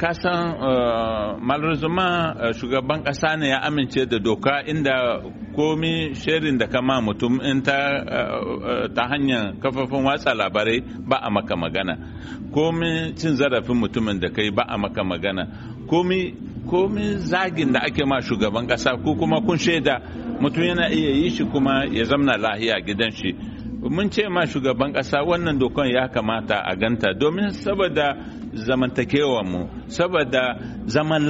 ka kasan eh, malrezuma eh, shugaban kasa ne ya amince da doka inda komi shirin da kama mutum in ta eh, ta hanyar kafafin watsa labarai ba a maka magana komi cin zarafin mutumin da kai ba a maka magana komi komi zagin da ake ma shugaban kasa ko kuma kun shaida mutum yana iya yi shi kuma ya zamna lahiya gidan shi mun ce ma shugaban ƙasa wannan dokon ya kamata a ganta domin saboda mu saboda zaman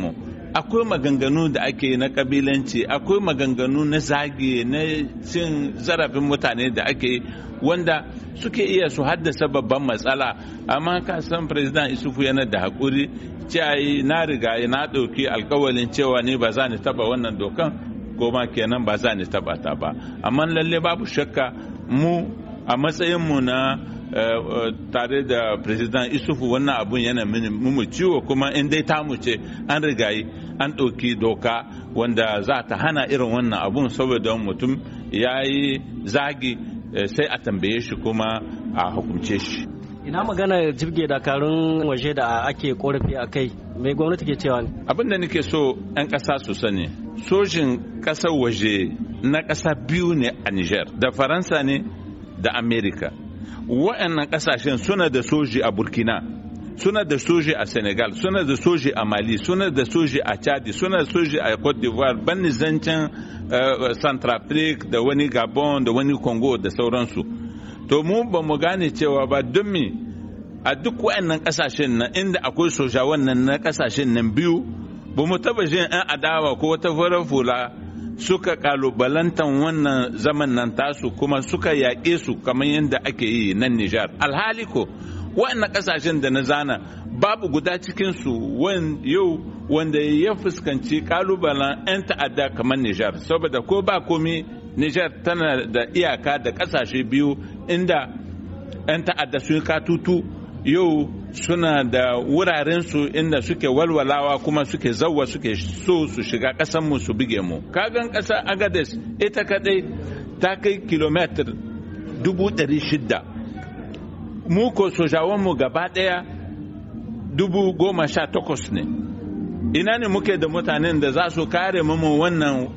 mu akwai maganganu da ake na kabilanci akwai maganganu na zage na cin zarafin mutane da ake wanda suke iya su haddasa babban matsala amma ka san president isufu yana da haƙuri cewa na riga na ɗauki alkawalin cewa ne ba za ni taba wannan dokan goma kenan ba za ni taba ta ba amma lalle babu shakka mu a matsayin mu na eh, eh, tare da president isufu wannan abun yana mu ciwo kuma in dai ta ce an rigayi an ɗauki doka wanda za ta hana irin wannan abun saboda mutum ya yi zagi eh, sai a tambaye shi kuma a hukumce shi ina magana jirge dakarun waje da ake korafi a kai mai gwamnati ke cewa ne abin da nake so 'yan ƙasa su sani sojin ƙasar waje na kasa biyu ne a niger da faransa ne da amerika wa'annan ƙasashen suna da soji a burkina suna da soji a senegal suna da soji a mali suna da soji a chadi suna da soji a cote d'ivoire ban zancen eh, centrafrique da wani gabon da wani congo da sauransu to mu ba mu gane cewa ba don a duk waannan kasashen nan inda akwai soja wannan na kasashen nan biyu ba mu taba jin an adawa ko wata farar fula suka kalubalantan wannan zaman nan tasu kuma suka yaƙe su kamar yadda ake yi nan Nijar alhali ko wannan kasashen da na zana babu guda cikin cikinsu yau wanda ya fuskanci kalubalen 'yan ta'adda kamar Nijar saboda ko ba komi Nijar tana da iyaka da kasashe biyu inda 'yan ta'adda sun katutu yau suna da wurarensu inda suke walwalawa kuma suke zauwa suke so su shiga ƙasanmu su buge mu kagan ƙasa agades ita kadai ta kai kilometer dubu ɗari shida mu ko sojawanmu gaba ɗaya dubu goma sha takwas ne ina ne muke da mutanen da za su kare mu wannan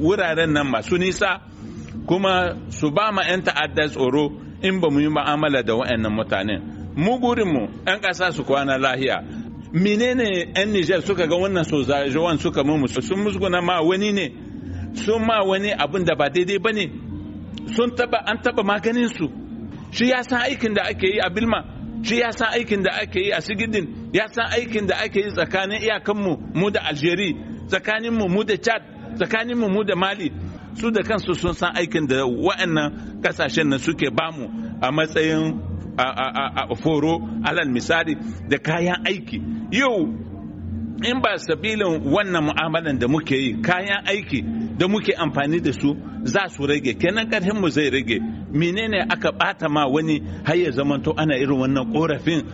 wuraren nan masu nisa kuma su ba ma 'yan ta'addas tsoro in ba mu yi ma'amala da waɗannan mutanen mu gurinmu 'yan ƙasa su kwana lahiya menene 'yan nijar suka ga wannan sozajewan suka mu sun musguna ma wani ne sun ma wani abin da ba daidai ba ne sun taba an taba maganin su shi ya san aikin da ake yi a bilma shi ya san aikin da ake yi a sigidin ya san aikin da ake yi tsakanin iyakanmu mu da algeria tsakaninmu mu da chad tsakaninmu mu da mali su da kansu sun san aikin da wa'annan kasashen nan suke bamu a matsayin foro alal misali da kayan aiki yau in ba sabilin wannan mu'amalan da muke yi kayan aiki da muke amfani da su za su rage kenan karhin mu zai rage menene aka bata ma wani har ya zamanto ana irin wannan korafin